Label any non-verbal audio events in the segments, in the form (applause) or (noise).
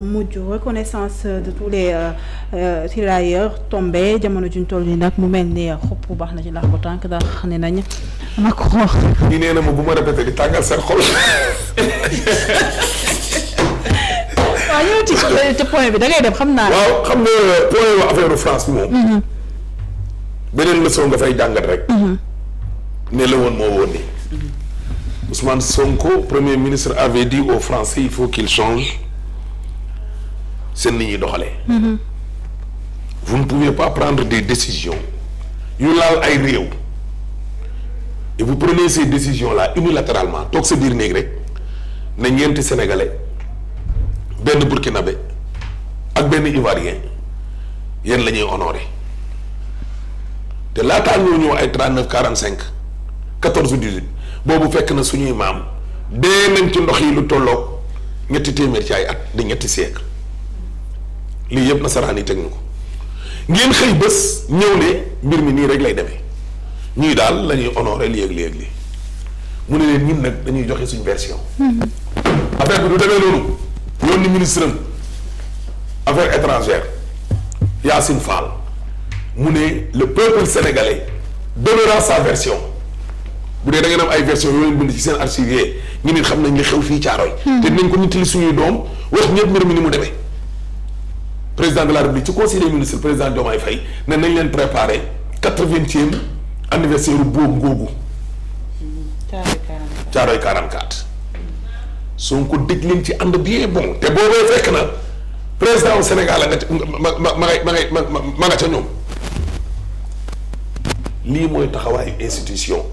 mujj reconnaissance de tous les euh, euh, tirailleurs tombés jamono juñ toll nii nag mu mel ni xob bu baax na ci laax bu tànk ndax ne nañ Macron. ñu nee na ma ma répété di tàngal seen xol. (laughs) waaw ñëw ci ci point bi da ngay xam naa. waaw xam nga point wu affaire France moom. Mm-hmm. beneen leçon nga fay jàngat rek. Mm-hmm. ne la woon moo woon ni mm-hmm. Ousmane Sonko premier ministre avait dit Français il faut qu'il change. seen nit ñuy doxalee. vous ne pouvez pas prendre des décision yu laal ay réew et vous prenez ces décisions là unilatéralement toog sa biir néeg rek ne ñeenti sénégalais benn burkinabé ak benn ivoirien yéen la ñuy honoré te laataa ñoo ñëw ay 39 45 14 18 boobu fekk na suñuy maam dee nañ ci ndox yi lu tolloog ñetti téeméer ci ay at di ñetti siècle lii yëpp nasaraan yi teg na ko ngeen xëy bés ñëw mbir mi nii rek lay demee ñuy daal lañuy ñuy honoré lii ak lii ak mu ne leen ñun nag dañuy joxe suñ version. affaire bi du demee loolu. yoon ni ministre am affaires étrangères Yacine Fall mu ne le peuple sénégalais donnera sa version bu dee da ngeen am ay version yoo bind ci seen archivier ñu nit xam nañ li xew fii Caaroy. Hmm. te dinañ ko nittali suñuy doom wax ñëpp mbir mi ni mu demee. président de la République ci conseil des ministres président Diomaye Faye ne nañ leen préparer quatre-vingtième anniversaire boobu googu. Caaroy 44 soo ko dégg leen ci ànd bien bon te boobee fekk na président Sénégal a nga ma ma ma ma ma ma ma nga ca ñoom lii mooy taxawaayu institution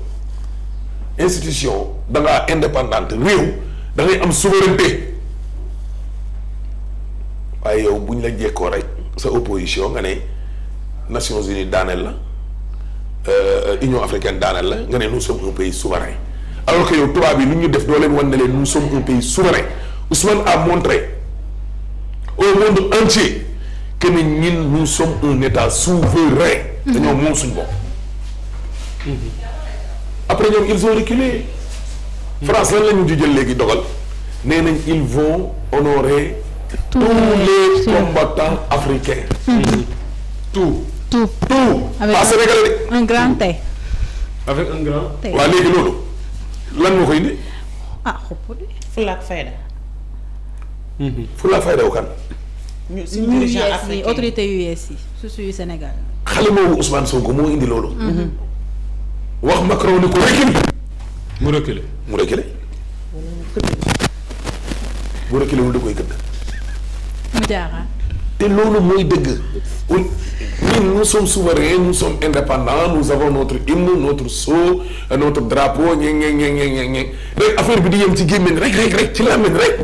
institution da ngaa indépendante réew da ngay am souveraineté. waaye yow bu ñu la jekkoo rek sa opposition nga ne Nations Unies daaneel la euh, Union africaine daaneel la nga ne nous sommes un pays souverain alors que yow tubaab yi lu ñu def doo leen wan ne leen nous sommes un pays souverain Ousmane a montré au monde entier que ni ñin nous sommes un état souverain. dañoo mhm. moom suñu bopp. après ñoom ils ont reculé. Mhm. France la ñu jël léegi dogal nee nañ ils vont tous les combattants africains. Mhm. tout tout tout. avec un grand T. avec un grand T. waaw léegi loolu lan moo koy indi. ah xobu de. fulaak fayda. Mhm. fulaak fayda wu kan. autorité US yi su suy Sénégal. xale boobu Ousmane Sonko moo indi loolu. Mhm. wax Macron ni ko recule. mu reculer mu reculer. bu reculer wul da koy gëdd. jaara te loolu mooy dëgg ñun nous sommes souverains nous sommes indépendants nous avons notre hymne notre sceau notre drapeau ñe ñe ñe ñe ñe rek affaire bi di yem ci gémmiñ rek rek rek ci làmmiñ rek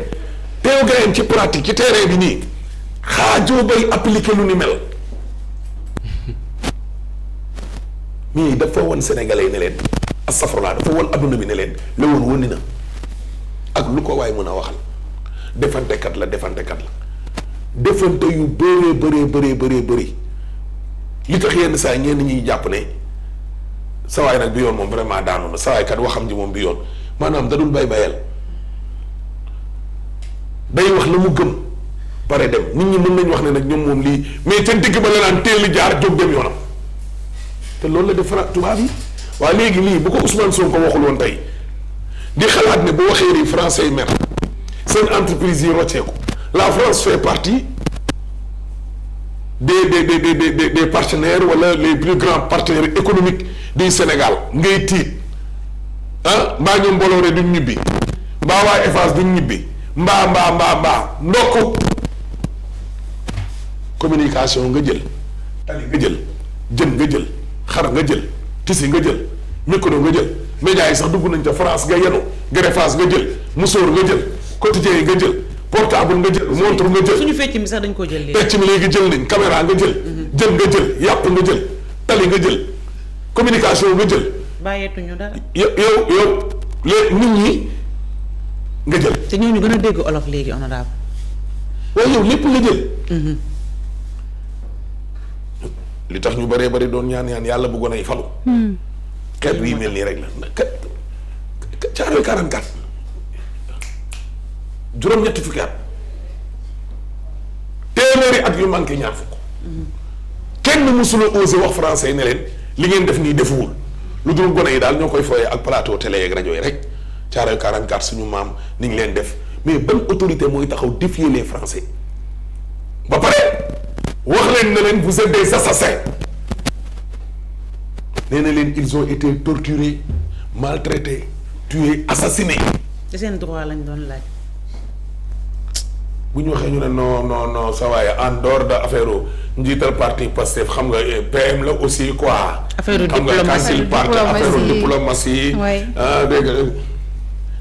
teew gayam ci pratique ci terrain bi nii xaajoo bay appliquer lu ni mel mii (laughs) dafa won sénégalais ne leen astafurlaa dafa won adduna bi ne leen la woon wëni na ak lu ko waay mën a waxal defantekat la defantekat la defante yu bëree bëree bëree bëree bëri li tax yenn saa ñenn ñuy jàpp ne sawaay nag bi yoon moom vraiment daanu na sawaay kat waxam ji moom bi yoon maanaam dadul dul bay bayal day wax la mu gëm pare dem nit ñi mën nañ wax ne nag ñoom moom lii mais te digg ba la naan teel jaar jóg dem yoonam te loolu la def fra tubaab yi waaw léegi lii bu ko Ousmane Sonko waxul woon tey di xalaat ne bu waxee nii français yi mer seen entreprise yi rocceeku la France fait partie des des de des des, des partenaires wala les plus grands partenaires économique di Sénégal ngay tiit ah mbaa ñoom Bolloré duñ ñibbi mbaa waa Eiffage duñ ñibbi mbaa mbaa mbaa mbaa ndokk communication nga jël tali nga jël jën nga jël xar nga jël tisi nga jël micro nga jël médias yi sax dugg nañ ca France nga yenu greffage nga jël musóor nga jël quotidien yi nga jël portable nga jël montre nga jël suñu fecc mi sax dañ koo jël léegi fecc mi léegi jël nañ caméra nga jël jël nga jël yàpp nga jël tali nga jël communication nga jël bàyyeetuñu dara yow yow léegi nit ñi jël te ñooñu gën a dégg olof léegi honorable waaye yow lépp nga jël mhm. li tax ñu bëree bëri doon ñaan ñaan yàlla bëggoon ay falu hmm. xeet yi mel nii rek la ca caaroy 44 juróom-ñetti fukki at téeméeri at yu manqué ñaar fukk kenn musula osé wax français yi ne leen li ngeen def nii defuwul lu dul gone yi daal ñoo koy fooyee ak plateau télé yeeg rajo yi rek caaroy 44 suñu maam ni ngi leen def mais ban autorité mooy taxaw défier les français ba pare wax leen ne leen vous êtes des assassins nee na leen ils ont été torturés maltraités tués assassinés. seen droit lañ doon laaj. bu ñu waxee ñu ne non non non sa waaye en dehors de affaire njiital parti Pastef xam nga eh, PM la aussi quoi. affaire diplomatie xam nga kansil parti affaire diplomatie. ah dégg nga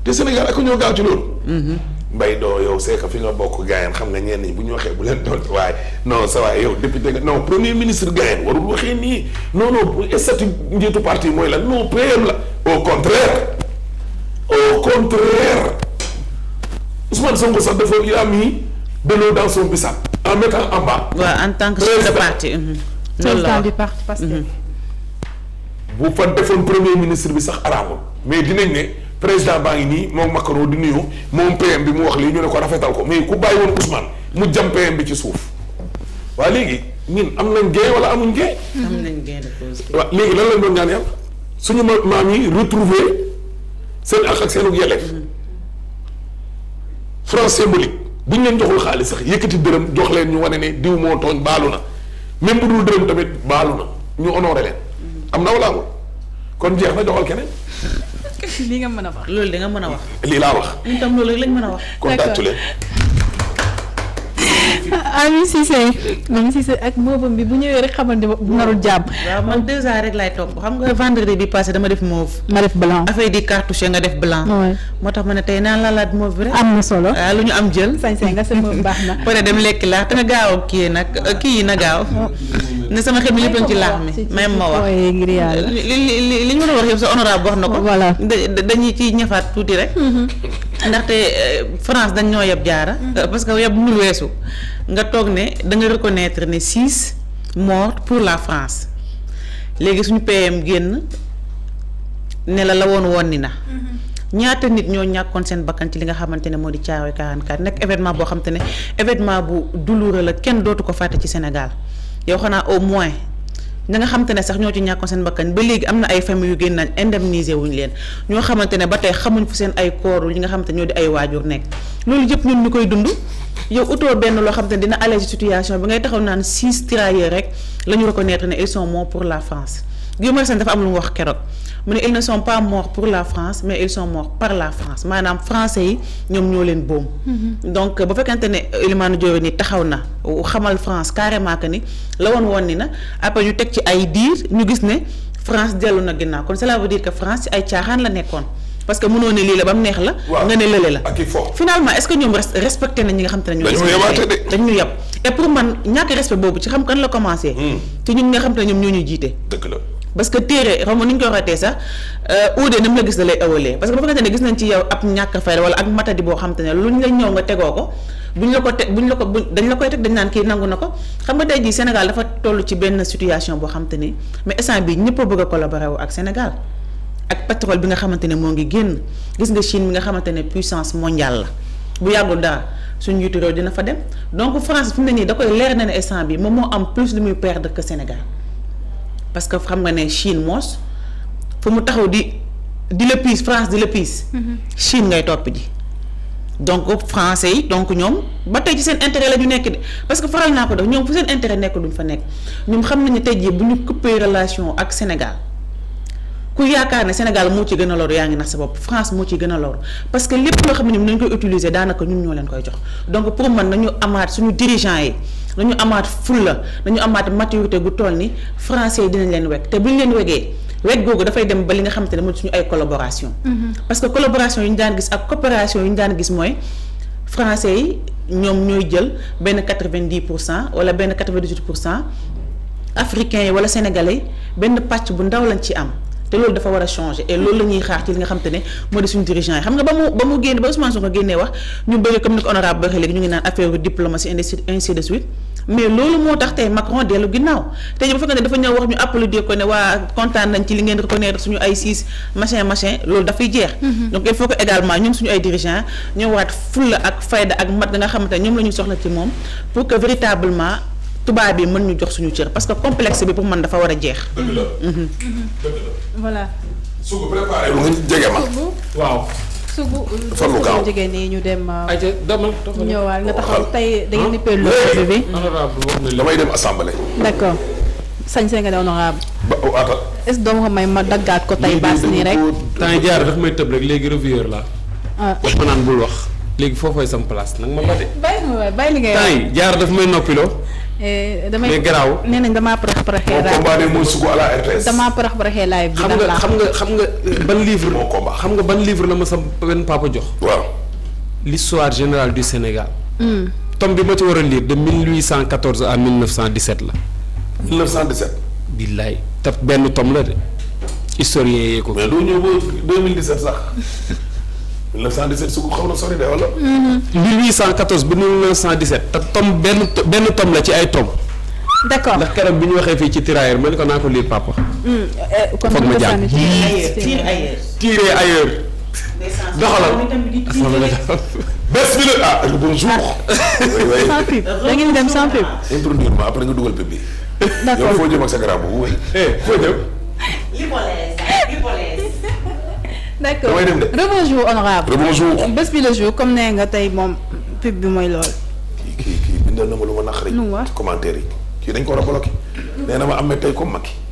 te Sénégal ak ñoo gaaw ci loolu. Mhm. mbay doo yow c'est que fi nga bokk gaayeen xam nga ñenn ñi bu ñu waxee bu leen doon waaye non sa waaye yow député nga non premier ministre gaayeen warul waxee nii non non statut njiitu parti mooy la non PM la au contraire au contraire. Ousmane Sonko sax dafa il a mis de l'eau dans son bissap en mettant en en tant que chef de parti. Mhm. loolu la du parti parce que. Mhm. bu fa defoon premier ministre bi sax araabul mais dinañ ne président baa ngi nii moom Macron di nuyu moom PM bi mu wax lii ñu ne ko rafetal ko mais ku bàyyi woon Ousmane mu jam PM bi ci suuf waaw léegi ñun am nañ gée wala amuñ gée. am nañ gée de waaw léegi lan lañ doon ñaan yàlla suñu maam yi retrouver seen ak ak seen yelleef franc symbolique bu ñu leen joxul xaalis sax yëkkati dërëm jox leen ñu wane ne diw moo tooñ baalu na même bu dul dërëm tamit baalu na ñu honoré leen am na wala kon jeex na joxal keneen. (laughs) li nga mën a wax loolu da nga mën a wax. lii laa wax. ñun tam loolu lañ mën a wax. kontaatu leen. Ah, Amy Cissé Amy bi bu ñëwee rek xamal ne bu narul jàmm. waaw laay topp xam nga vendredi bi passé dama def mauve. ma def blanc affaire di cartouche nga def ne tey naan laalaat mauve bi rek. am na solo waaw ah, lu ñu am jël. sañ-sañ nga sa mauve baax na. (laughs) pare dem lekk laax te nga gaaw a kii nag ah. kii yi na gaaw. ne sama xel mi lépp ci laax mi. même ma wax li li li ñu mën a wax yëpp sa honorable wax na ko. voilà dañuy ci ñafaat tuuti rek. Mm-hmm. ndaxte euh, France dañ ñoo yeb jaara. Mm-hmm. Euh, parce que yeb mu weesu nga toog ne da nga reconnaître ne six morts pour la France léegi suñu PM génn ne la la woon woon ni na. Mm-hmm. ñaata nit ñoo ñàkkoon seen bakkan ci li nga xamante ne moo di Thiaroye 44 nekk événement boo xam ne événement bu douloureux la kenn dootu ko fàtte ci Sénégal yow xanaa au moins. na nga xamante ne sax ñoo ci ñàkkoon seen bakkan ba léegi am na ay famille yu génn nañ indemniser wuñ leen ñoo xamante ne ba tey xamuñ fu seen ay kooru yi nga xamante ñoo di ay waajur nekk loolu yëpp ñun ñu koy dund yow utoo benn loo xamante ne dina alléger situation bi ngay taxaw naan six tirailleurs rek la ñu reconnaître ne ils sont morts pour la France Guy seen Sagna dafa am lu mu wax keroog mu ne ils ne sont pas morts pour la France mais ils sont morts par la France maanaam français yi ñoom ñoo leen boom. Mm-hmm. donc bu fekkente ne Elimane Dior ni taxaw na xamal France carrément que ni la woon woon ni na après ñu teg ci ay diir ñu gis ne France dellu na ginnaaw kon cela veut dire France ci ay caaxaan la nekkoon. parce que lii la ba mu neex la. nga ne lële la finalement est-ce que ñoom respecté na ñi nga xam te ne. dañu ñu yab et pour man ñàkk respect boobu ci xam kan la commencé. Mm. nga xam ne ñoom ñoo ñu jiite. dëgg la. parce que téere xam nga ni ñu koy waxatee sax euh, uude na mu la gis da lay awalee parce que bu fekkente ne gis nañ ci yow ab ñàkk fay wala ak matadi boo xam te ne luñ la ñëw nga tegoo ko buñ la ko teg buñ la ko dañ la koy teg dañ naan kii nangu na ko xam nga tey jii Sénégal dafa toll ci benn situation boo xam te ni mais instant bi ñëpp a bëgg a collaborer wu ak Sénégal ak pétrole bi nga xamante ne moo ngi génn gis nga Chine bi nga xamante ne puissance mondiale la bu yàggul dara suñu njiitu réew dina fa dem donc France fi mu ne nii da koy leer na ne instant bi moom moo am plus lu muy perdre que Sénégal parce que xam nga ne Chine moos fu mu taxaw di di la piis France di la piis mhm. Chine ngay topp ji donc français yi donc ñoom ba tey ci seen intérêt la ñu nekk de parce que faral naa ko def ñoom fu seen intérêt nekk duñ fa nekk ñoom xam nañu tey jii bu ñu coupé relation ak Sénégal ku yaakaar ne Sénégal moo ci gën a lor yaa ngi nax sa bopp France moo ci gën a lor parce que lépp loo xam ne nañ koy utiliser daanaka ñun ñoo leen koy jox donc pour man nañu amaat suñu dirigeant yi nañu amaat fulla nañu amaat maturité gu toll ni français yi dinañ leen weg te bu ñu leen wegee weg googu dafay dem ba li nga xamante ne mooy suñu ay collaboration mm-hmm. parce que collaboration yu ñu daan gis ak coopération yu ñu daan gis mooy français yi ñoom ñooy jël benn quatre-vingt-dix pour cent wala benn quatre-vingt-dix-huit pour cent africains yi benn pàcc bu ndaw lañ ci am te loolu dafa war a changer et loolu la ñuy xaar ci li nga xam te ne moo di suñu dirigeant yi xam nga ba mu ba mu génn ba Ousmane Sonko génnee wax ñu bëri comme ni ko honorable waxee léegi ñu ngi naan fekkee ne dafa ñëw wax ñu applaudir ko ne waa kontaan nañ ci li ngeen reconnaître suñu ay siis machin machin loolu dafay jeex mm-hmm. donc il faut également ñoom suñu ay dirigeant ñoo waat fulla ak fayda ak mat nga xamante ne ñoom la ñu soxla ci moom pour que tubaab bi mën ñu jox suñu cër parce que complexe bi pour man dafa war a jeex. dëgg la. Mhm. voilà. su jege ma. ñu dem. Euh, ayca demal ñëwaat nga taxaw tey da ngeen di bi damay dem assemblée. d'accord. sañ see nga a honorable. ba oh, atal. est-ce que doo may ma daggaat ko tey baas nii rek. temps jaar daf may tëb rek léegi revieur la ah wax ma naan bul wax. léegi foofooy sam place nag ma ba de. bàyyi ma jaar daf may noppiloo. Eh, damay garaaw nee nañ damaa parax paraxee. laay combat ne mooy sugu à la bi. xam nga xam nga xam nga (coughs) ban livre. moo combat xam nga ban livre la ma sa benn papa jox. waaw. l'histoire général du Sénégal. Hmm. tome bi ma ci war a lire de 1814 à 1917 la. 1917. billaay te benn tome la de historien yee ko. mais doo ñëw ba 2017 sax. (laughs) 1917 su xaw na sori de wala. 1814 ba 1917 te tom benn benn tom la ci ay tom. d' accord ndax keroog bi ñu waxee fii ci tirailleur ma ne ko naa ko lire papa. Hmm, eh, eh, foog ma jàng tirer ailleurs tirer ailleurs. doxalal bés ah, (laughs) bi la ah bonjour. Ah. da ngeen dem sans pub. introduire ma après nga dugal bi. d' accord foo jëm ak sa garab bu eh, foo jëm. d'accord rebonjour honorable rebonjour bés bi le jour comme nee nga tey moom pub bi mooy lool. kii kii kii bindal na ma lu ma naqari. nu mu wax commentaire yi kii dañ ko war a bloqué. nee na ma am na tey comme Macky.